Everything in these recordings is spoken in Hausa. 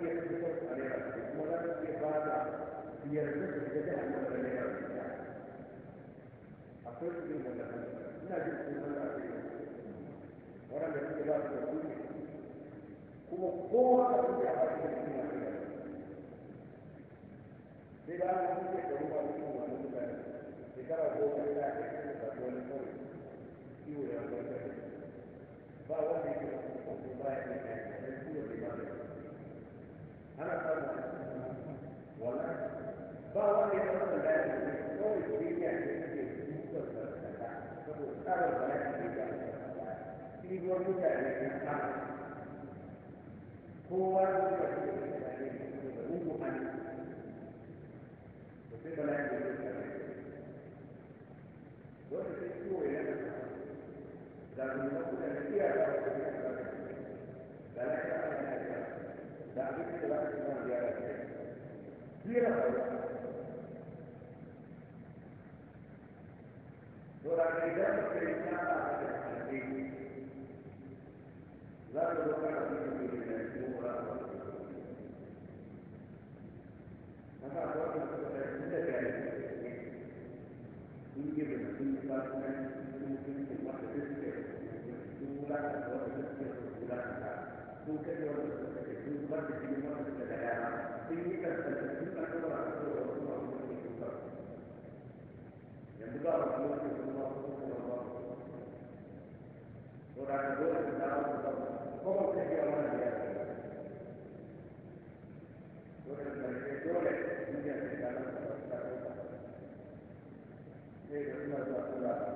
iya kashe a rera su kuma za su iya ba da yarda su shiga jihar da ba rera su ta akwai su yin wannan ina jin sun san zafi waɗanda suke ba su da kuɗi kuma kowa a kuɗi a bashi da kuɗi na kuɗi sai da ana kuɗi da ruwa da kuma wani mutane shekara goma ya kai kuma ba ta wani kawai kiwo ya wani ba wanda ya kai kuma ba ya kai kuma ya kai kuma ya kai ana samu wala ba wani ya san da ya ce ko da shi ya ce ke duka da saboda tsarin da ya ce ya ce shi ruwan mutane ya da kowa ya ce ya ce da mugu hannu da sai bala ya ce ya ce wanda sai ciwo ya ce da zuwa mutane iya da wata ya ce da ya ce da abin da za ka kuma ziyara ke ziyara ba ya to da ke da ka yi ta ba da kalli za ka zo kana da ke da ya ci mu ra ba haka ko da ka da inda ka yi in ji da sun ba su ne sun sun ba da su ke sun wula da su ke sun wula da su sun kashe wanda suka kashe sun zubar da jini wanda suka ga dama sun yi kaskanta sun karɓi wa su da wasu masu kashe sun ba yanzu ba wasu wasu sun ba su kuma ba su ko da ka dole ka dawo su ba ko ba ka biya wani da ya ce dole ka ce dole duniya ta kama ta ta ta ta sai da suna zuwa suna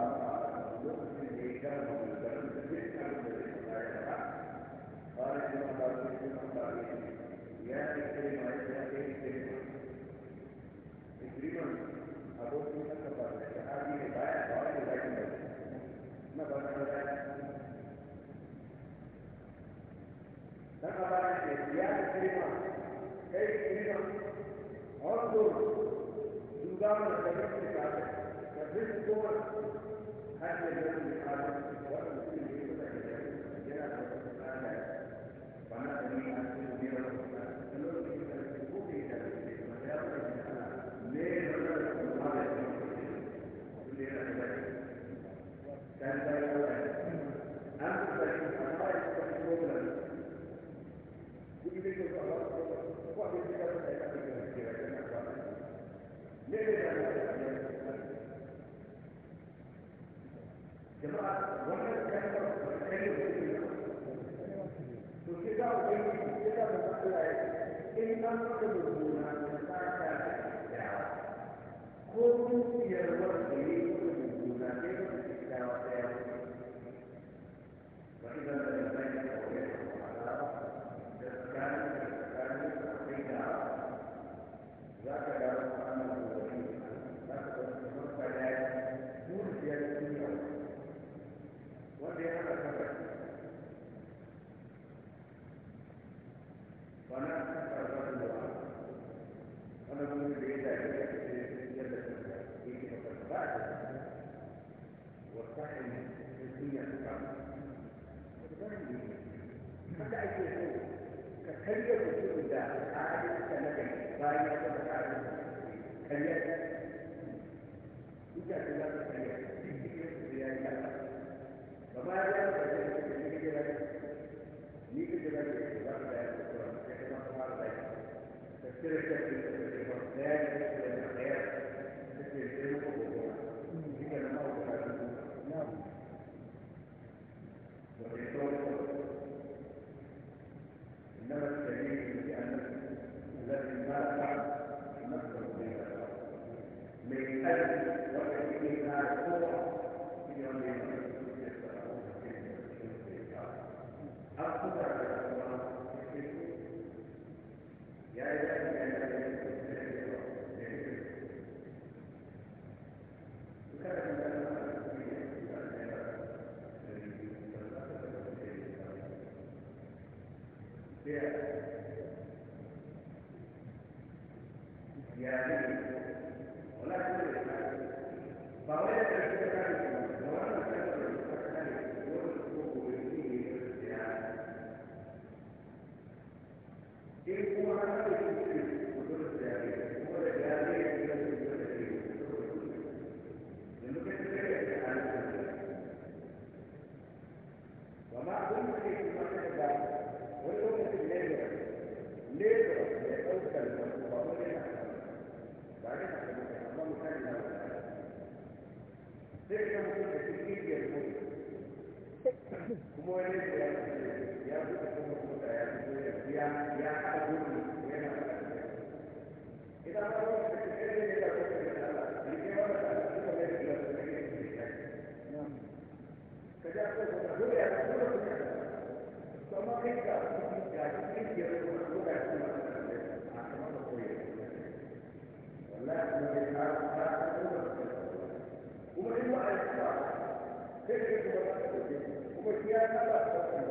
Yeah, it's very nice. Yeah, very, very nice. Agreement. About two months apart. Are we a buyer or a buyer? No, but not a buyer. Then about it. Yeah, it's very nice. Hey, it's very nice. Also, Duga was a very nice. The first door had a very nice. What a Gracias. ಅಂತ ಕೇಳಿದ್ರು كيف يكون ذلك عادة كمدني باية ومتعادة كيف يجب أن يكون كيف وما جاء بذلك من جبل من جبل الإسلام لا يكون كيف تفسير الشيخ في الإسلام kuma wani da ya fi ya fi da kuma kuma ya fi ya ya haɗu ne yana da idan ka wani da ke da ya fi da Allah ne ke ba da kuma da ya fi da ka ja ko da dole ya fi da kuma to ma kai ka ya fi da ke da kuma ko da kuma a kuma da ko ya wallahi kuma ya ta ta kuma kuma in wa'ayi ba kai ne kuma ka pues ya está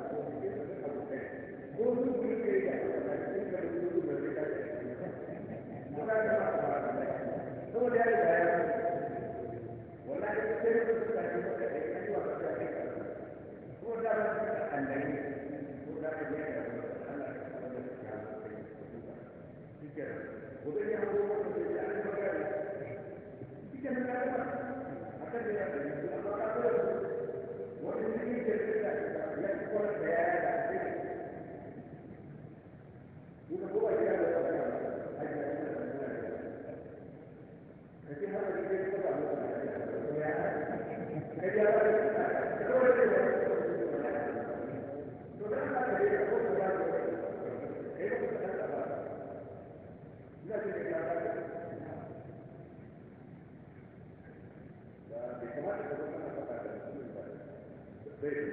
Thank you.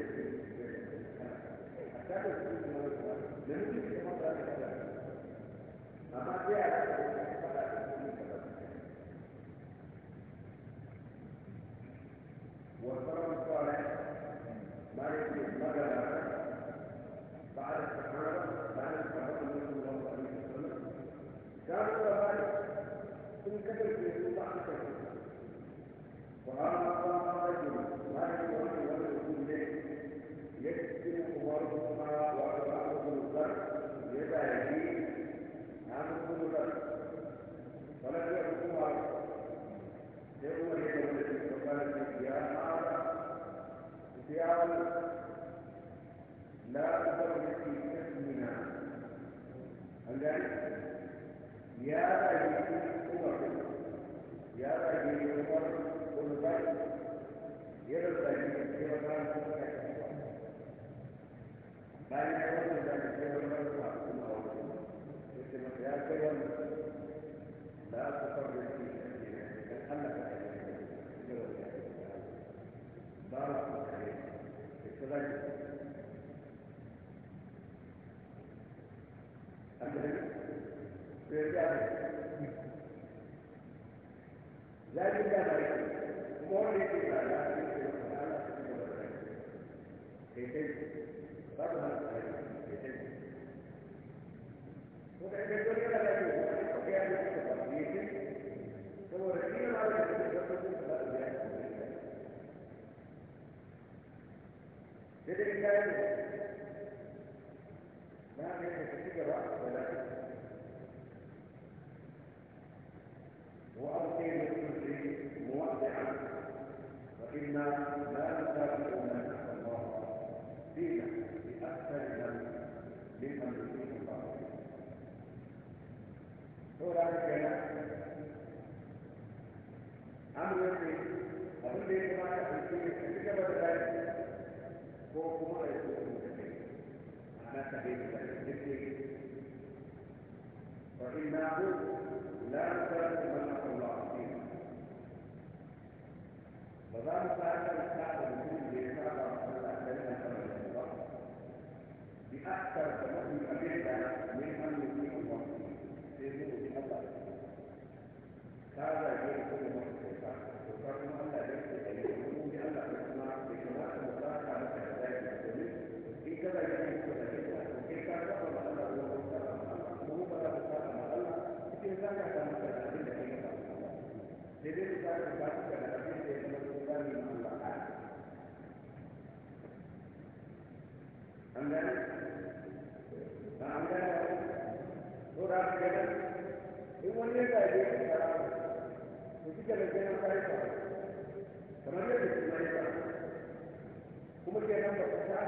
mutunta da abin da ake so abin da ya kamata ka tsada shi ne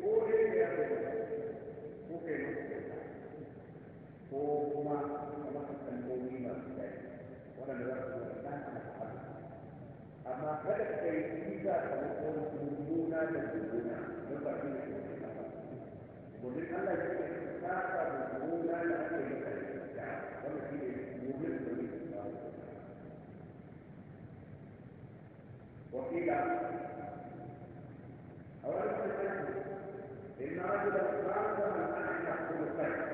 ko dai da yaro ko kai musu kyauta ko kuma ka masa kalmomi masu daɗi waɗanda za su zo da ɗan amma kada ka yi isa ka mutu mummuna da mummuna don ba shi ne kyauta domin Allah ya ce ka sa mummuna da ake yi da kyauta wanda shi ne وقيل أولا تتكلم إن رجلا بعد من أحد خلقين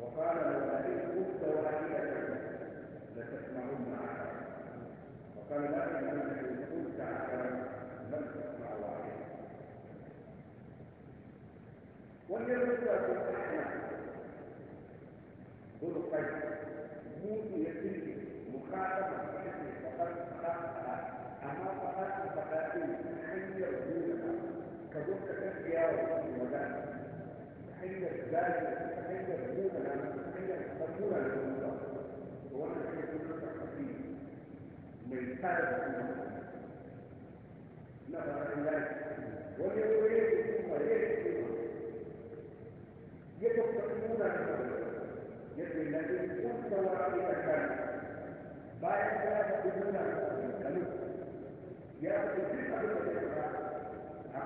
وقال لو أتيت كنت واحدة لتسمعن أحد وقال لا إنك إن كنت أحدا لم تسمع واحدا والجنة في أحد خلقين موت يتيم مخاطبا الشارع في المكان تحل الزاد تحل الزمن تحل الزمن المنطقة هو أن تحل المنطقة فيه من سادة المنطقة نظرا لله وليريد ثم يكتب يتفقون المنطقة يدري الذي كنت ورائك كان بعد ذلك بدون المنطقة يأخذ الفقه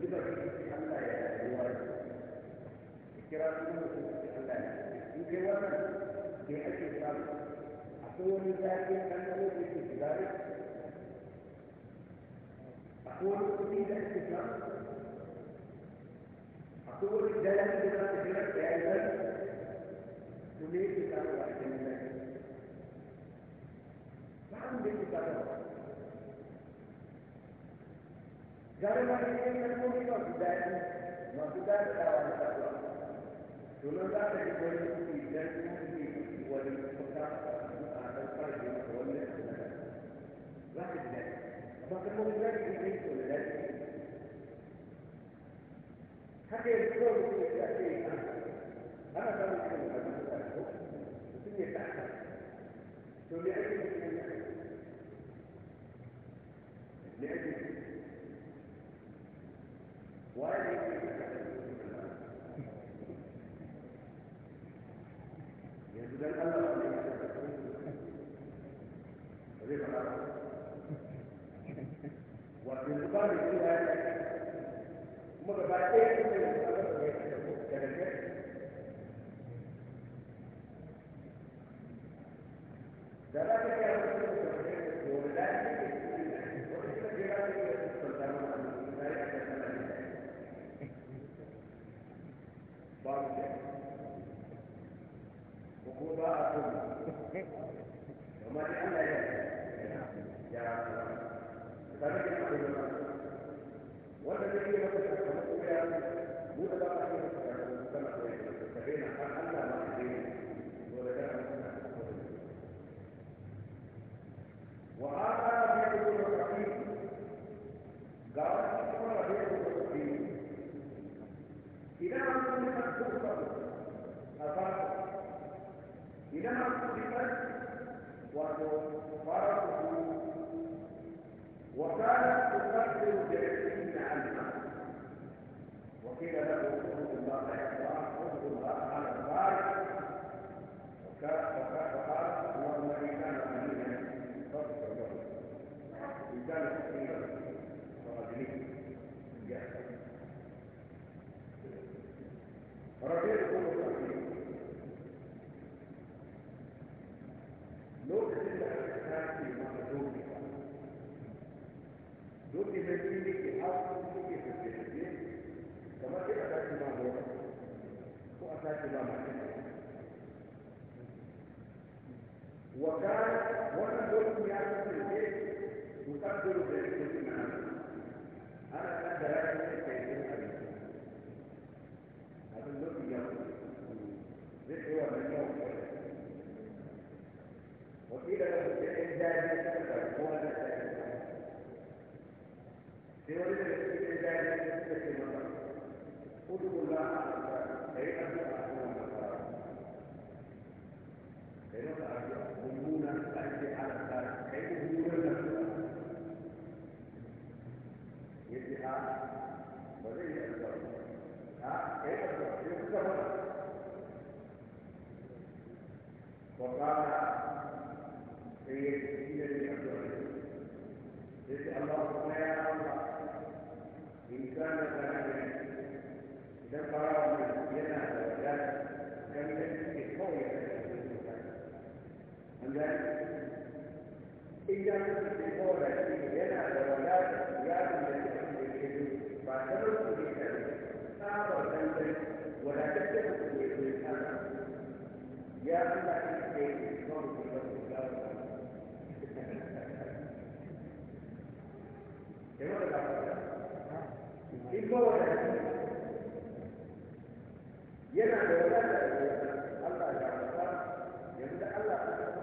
بالجبل حتى يورد الكرام حتى يتورد بحيث يصاب أقول ذلك أنه في ذلك أقول أريد الاستسلام أقول دلالة بما جائزا تريد كتاب واحد من ذلك ما عندي كتاب واحد Karena ini terkumpul sudah ini, maksudnya kawan satu. Dulu tak ada boleh bukti dan bukti wali pekak ada pergi boleh sudah. Lagi tidak. Maka kemudian ini sudah dari Hati yang betul itu tidak sih. Karena kalau itu ada satu, itu dia tak. Jadi itu dia. Jadi yanzu dan Allah ne ya ce zai fara wato ba ne ya kuma gaba ɗaya إنسان مثلا إذا قرر من ينام وجاء كم يكفي قوية عندنا إذا كنت قولا ينام وجاء يا من فاعتبرت بك تعرض ذنبك ولا تتبع بالإنسان يا الله إنك موت Tengo que in ba wa yana da wadata da Allah ya fata yanzu Allah ya fata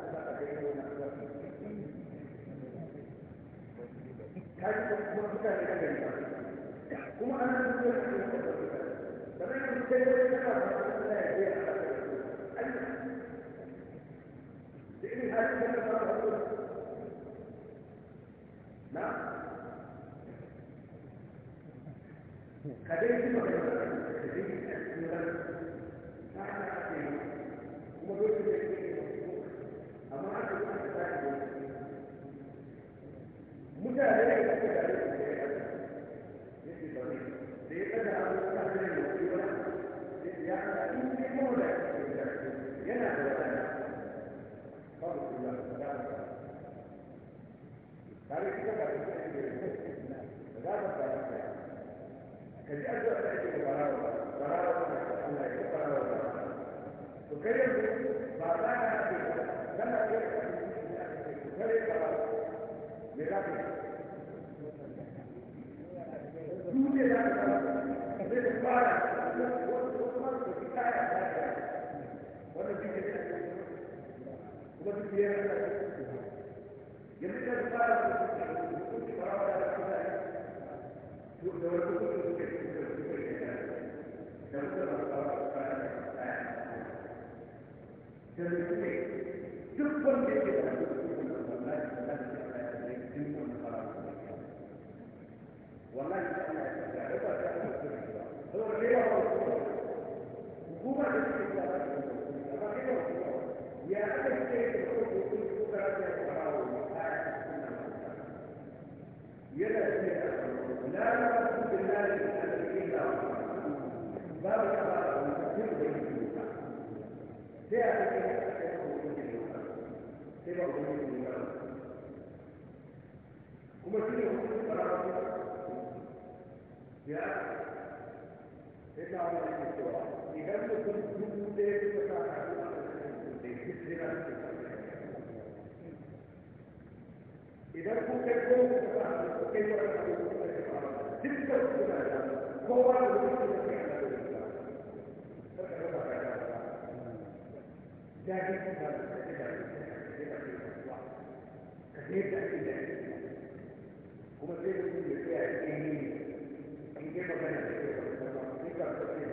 ba a gaina wani abuwa kaji da kuma mutane da gari kuma an yi zuwa da kuma da kuma da zai yi kai wani da kuma da ya yi a da irin hajji da ta fara na ka dai shi magana da kai ka dai shi ta cikin ran ta ta ake kuma dole ne ke amma aka yi ta mutane Gracias. Yeah. It's not what I can do. idan da kun dubu ɗaya suka sa kasu a da duk jira idan kun kai goma suka sa kasu ku kai wata kasu ku kai wata duk da su suna da da wani su kai da wani jadi kita kita kita kita kita kita kuma da tsaya a cikin yini in ke magana da ke wani sama sai ka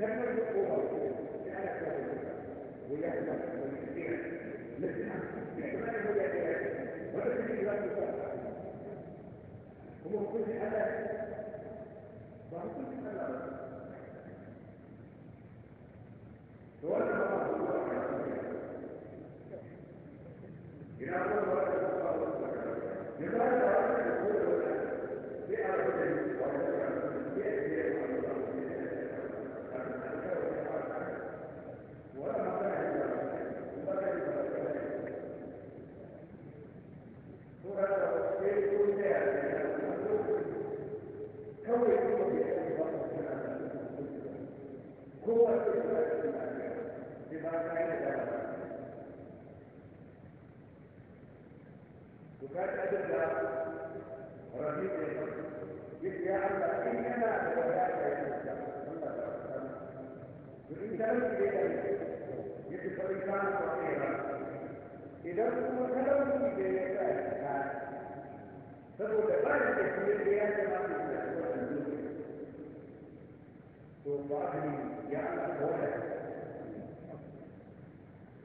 لما يقوى على كذا ويحصل ويحصل نسمع ما يقول يا ولا تجي لا تصل ومفروض على بعض الحالات ولا بعض إلى أول مرة يقال وكان أدلة رهيبة يجب يا الله إن أنا أتبعك يا وإن تلت إليه يجب الإنسان صغيرا إذا كنت تلت إليه فهو تبارك في الرياضة ما تستحقون الدنيا. تو بعد يعني هو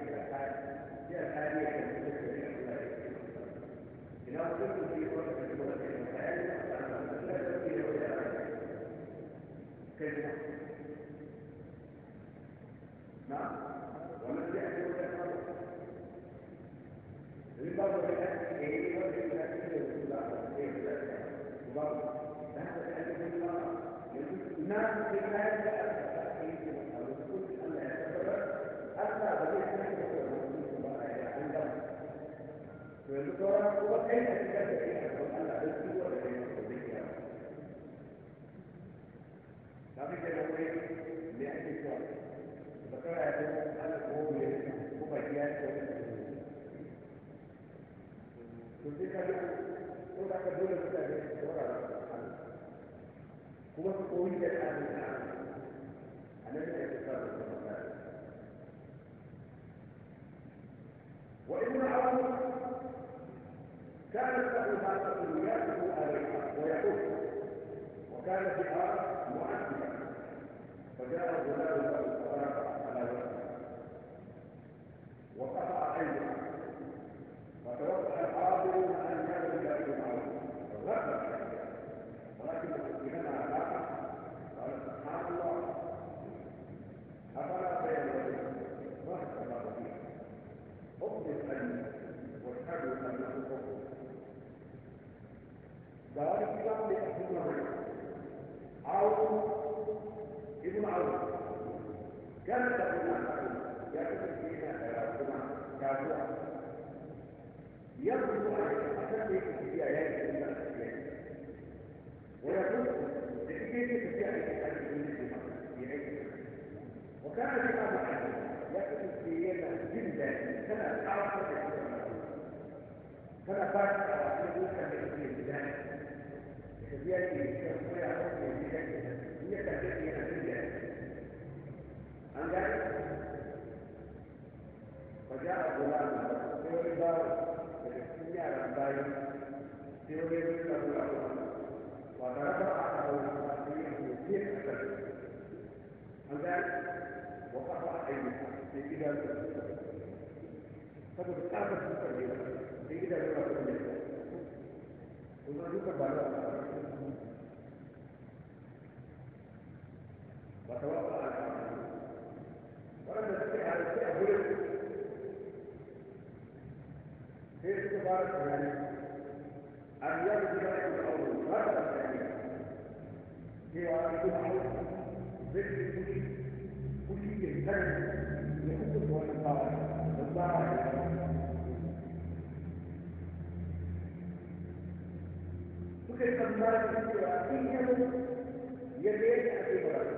Thank you. وكيف تكتب فيها المسألة بالسوء الذي يستطيع لابد أن نقول لأهل الشر ذكرها أن المؤمن مبينات وتلك تقول لك دول المتابعين ولا هو قوية الآن الآن الذي يتكرر وإن عرفوا كانت له حركة يأخذ عليها وكان بها معدلا فجاء الغلام على وقطع عينه صاحب ابن الربيع عون ابن عون كان فينا كلام كافوا يبدو عليه حسب في آيات الله ويقول بحكاية في آيات الله وكان في أبو حنيفة يكتب في جدا سنة أعرف كما فات على كل كان في Jadi, saya akan yang tidak kita. Ini akan jadi yang tidak. Anggap, pajak bulan teori baru, punya rantai teori yang kita buat. Pada apa ada orang pasti yang mungkin akan. Anggap, bapa bapa ini tidak dalam kita. Tapi kita harus berjaya. Tidak dalam kita. Untuk itu berbalas. وتوكل على الله ولما تفتح على الشيء أقول في استفارة يعني أن يرد لكم الأول هذا الثاني في وعليكم حول ذكر كل كل إنسان يحب والإنصار والله وكيف المال يجب أن يكون يدين أبي مراد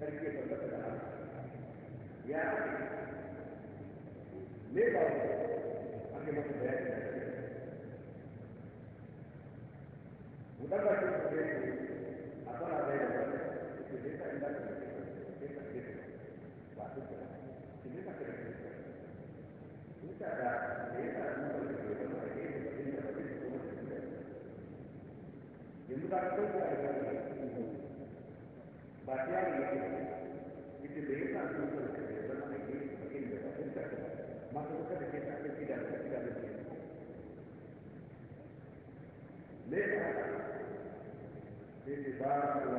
sarki ya ta. da ya ne ba ne ake masa bayani da shi mu dan ba shi da shi a fara da ya ba ke da ta inda ta ke ta ke ta ba ta ke ta ke ta ke ta ke ta da ya ta da mu da ke ta ke ta ke ta ke ta yanzu ba ta ko ta ba ta yi yake ita da da da ta ta masu kuka da ke ta aka gida da da ce ba su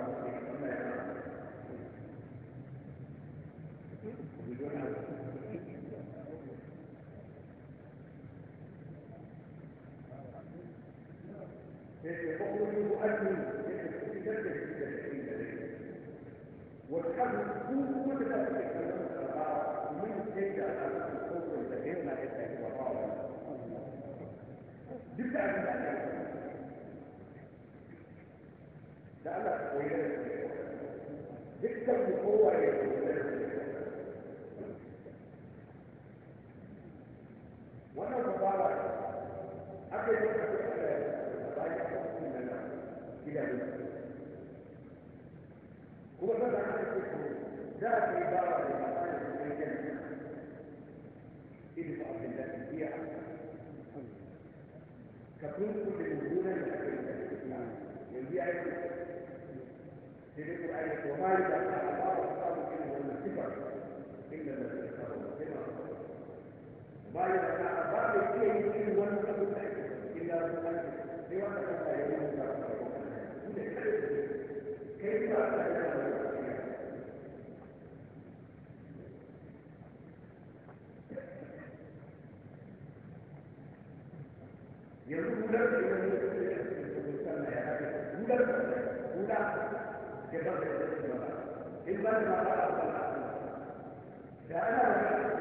wa kuma kuma da Allah koyar da kowa ya ba ya da a ba da ke yi irin wani abu da ake illa da ake ne wanda ka ta yi da ba ka da kai ba ka da yanzu gudan da yana yi da ya ce da kusan na ya haɗe gudan da guda ke ba da ya ce ba in ba da ba ba da ana da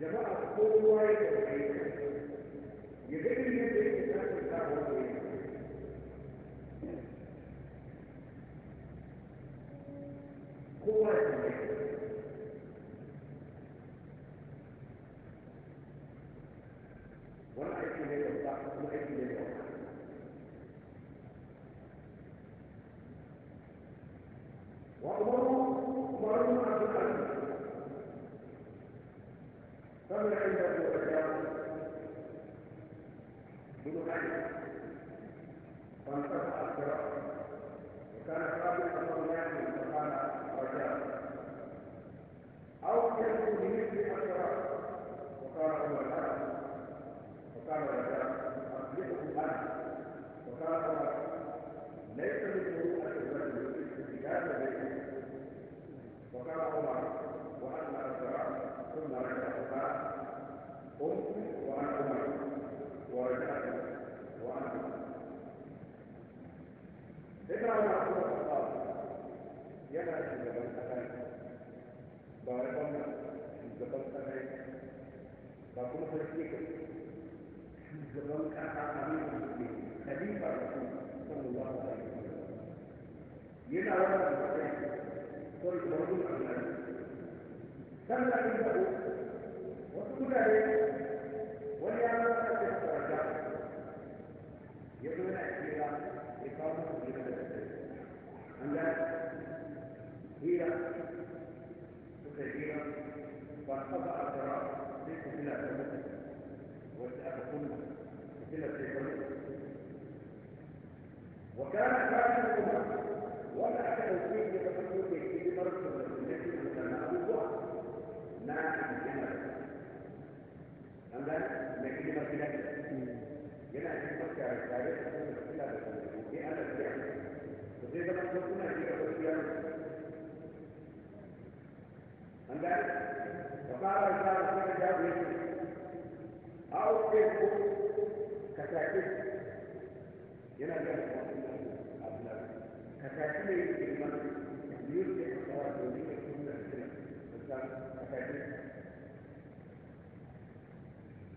jama'a kowa ya da kai ya ga irin yadda yake tashin sa wanda ya kowa ya da wani aiki ne da ba kuma aiki ne da قال عمر وانا ازرع ثم رجعت قمت وانا عمر ورجعت وانا إذا أنا أقول الله يلا أنت جبلت هاي بارقنا جبلت هاي بقول فريقك جبلت هاي خليفة رسول صلى الله عليه وسلم يلا أنا والموجود عن العلم كم عنده وكل ذلك وليعمل قد الدرجات يدعون الى اقامه لبلد عندها هي تكريرا وارتفع القرار ليس الى الدولة والتأكل الى الدولة وكان كافرهما ولا توفيق يتحمل kula da hidimar gida yana hidimar tare tare da kuma kula da kuma sai ana biya to zai zama ko kuna biya ko biya an gane ka fara da kuma jawo yake au ke ko ka sake yana da ka sake ne hidimar yusuf ka fara da kuma ka sake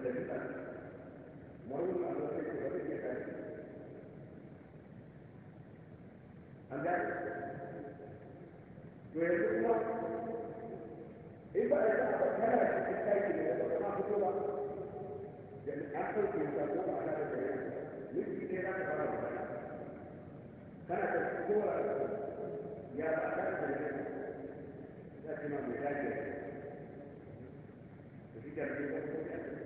cerita. Mau ada Anda boleh buat. Iba ada apa cara untuk masuk ke dalam? Jadi apa kita buat pada hari ini? Mesti kita ada cara. Karena semua yang ada dari kita cuma berlagak.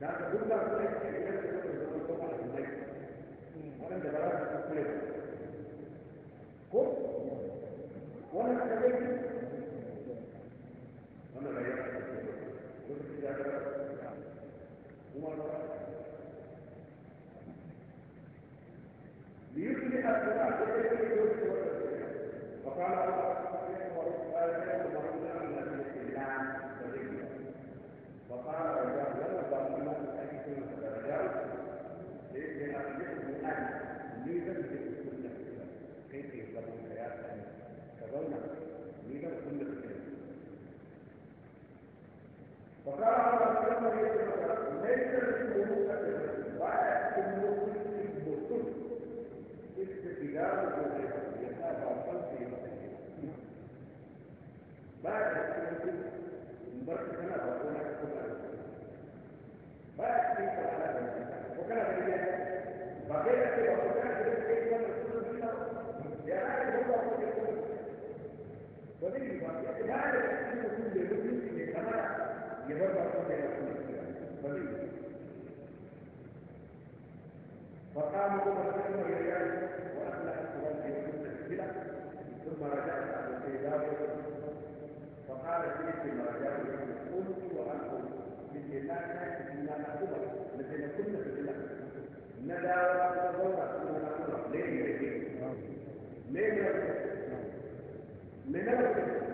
da aka duk da kuma yake da ba وانا حكيت وانا غيرت يبقى قد يكون فقام عمر ثم يجاز واخلعت ولم يكن تشكيلا ثم رجعت على الكتاب فقال جئت المرجع قلت وانتم مثل لا ناتي الا نعتبر مثل كنا في الله ندى وتدور كنا نعتبر ليه ليه ليه ليه ليه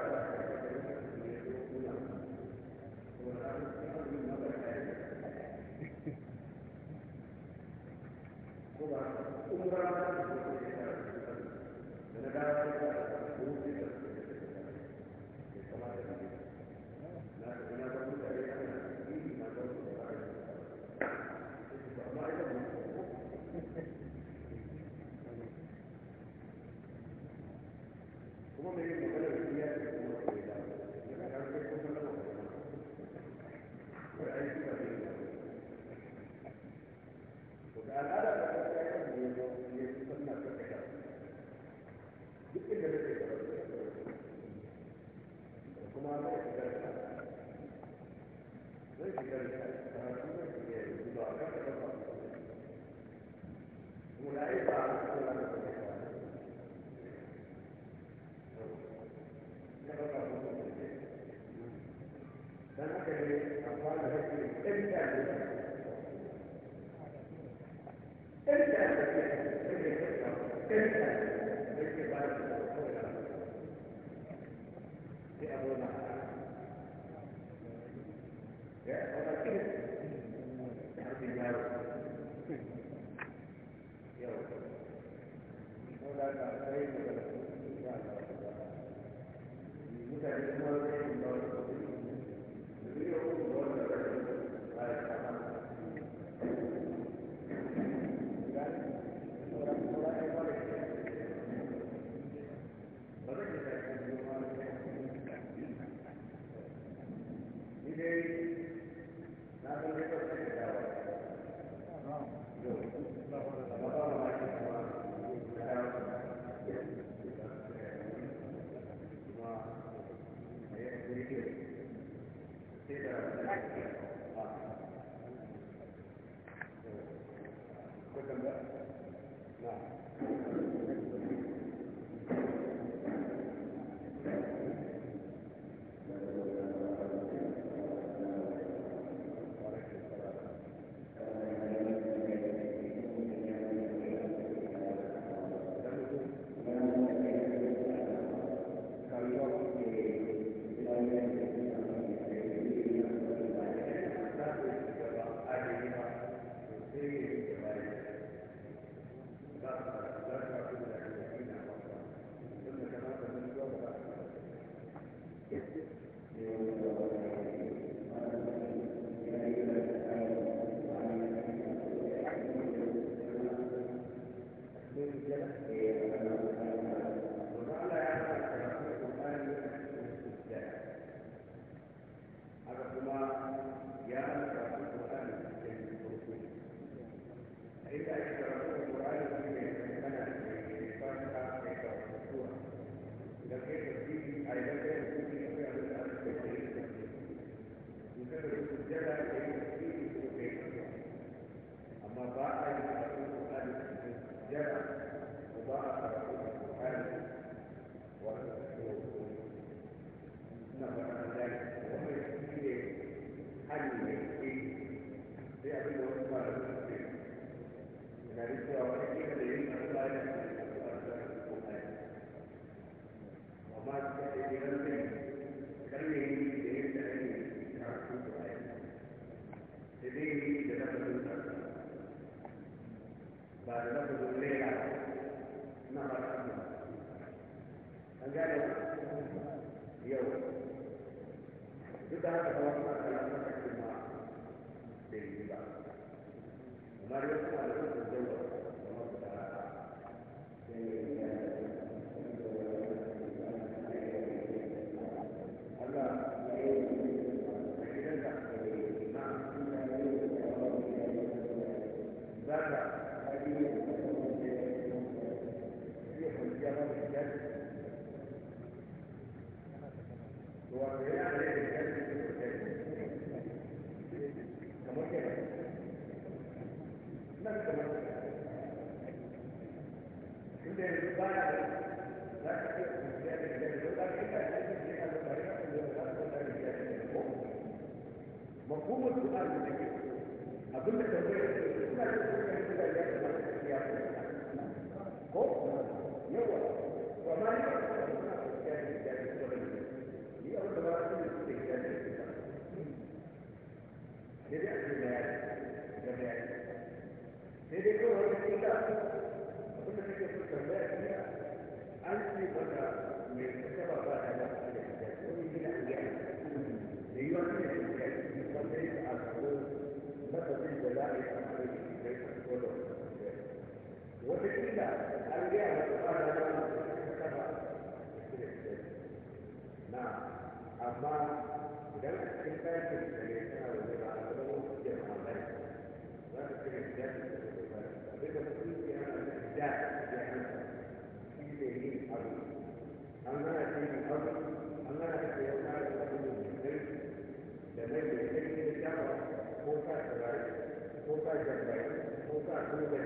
kogai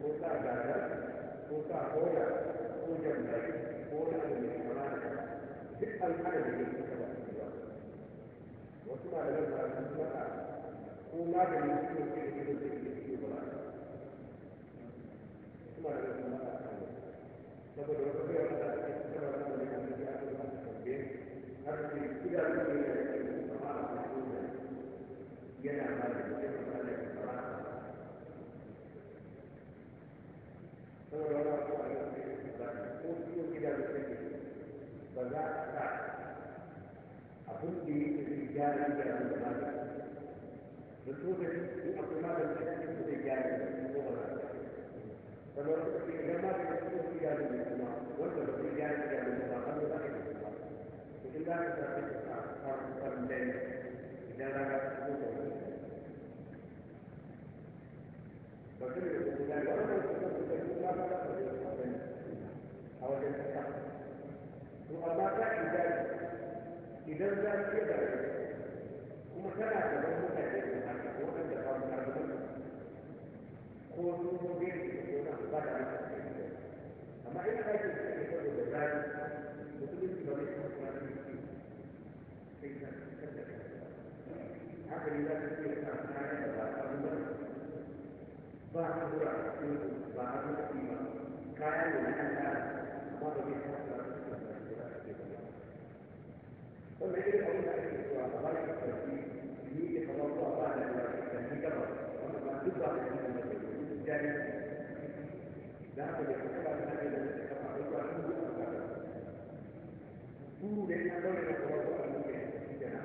ko ko sa koya ko ko ko seolah-olah aku ada kesempatan pun itu tidak bersedia sebab tak aku dikejar di dalam kemarin tentu dari itu aku lah dan saya itu dikejar di dalam kemarin kalau aku dikejar di dalam kemarin aku dikejar di dalam kemarin aku dikejar di dalam kemarin aku dikejar di dalam kemarin aku dikejar di dalam kemarin Bagaimana kita menjaga orang yang a wajen kasa to amma ta shiga idan za su iya da kuma tana da wani mutane da ko su ba ne sai ba a ba baru tiba kaya dengan anda baru kita والذي يقول لك الاسلام غير التوحيد يريد تفضل بعد الوحيد كما وما تبقى من الجاهل لا بد ان تكون هذه الاستقامه على الوحيد طول الامر يتوضا من الجاهل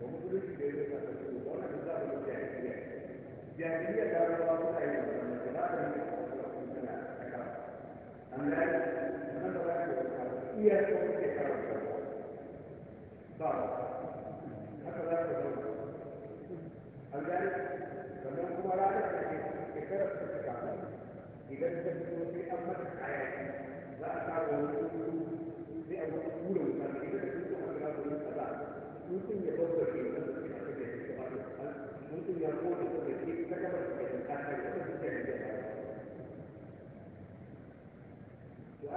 ومثل الجاهل جاهلية كانوا يقولون أيضا أم لا؟ إياكم بحرم صار هكذا يقولون أم ذلك؟ فمنكم ولا نفسك كثرة التكامل إذا تكون في أمة الحياة لا تعلمون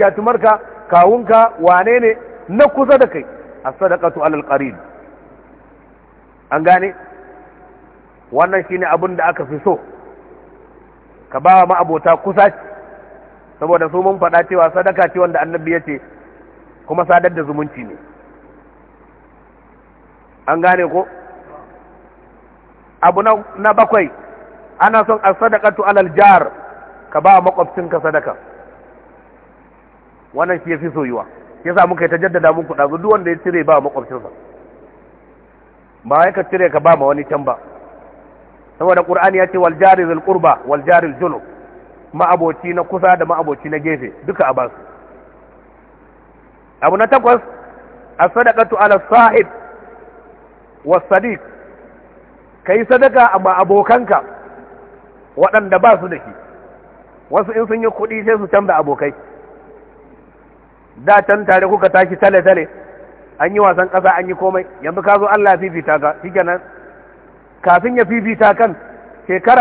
جاتمر کا kawunka wane ne na kusa da kai a sadakatu alal qarin an gane wannan shine abin da aka fi so ka ba ma abota kusa saboda su mun faɗa cewa sadaka ce wanda annabi ya ce kuma sadar da zumunci ne an gane ko abu na bakwai ana son a sadakatu alal jar ka ba makwabcinka sadaka wannan shi yafi soyuwa yasa muka ta jaddada muku dazu duk wanda ya cire ba makwabcinsa ba ya ka cire ka ba ma wani can ba saboda qur'ani ya ce wal jari qurba wal jari al ma'aboci na kusa da ma'aboci na gefe duka a basu abu na takwas as-sadaqatu ala sahib was sadiq kai sadaka amma abokanka waɗanda ba su da shi wasu in sun yi kuɗi sai su canza abokai da can tare kuka tashi tale tale an yi wasan ƙasa an yi komai yanzu ka zo Allah ya fifita ka shikenan kafin ya fifita kan shekara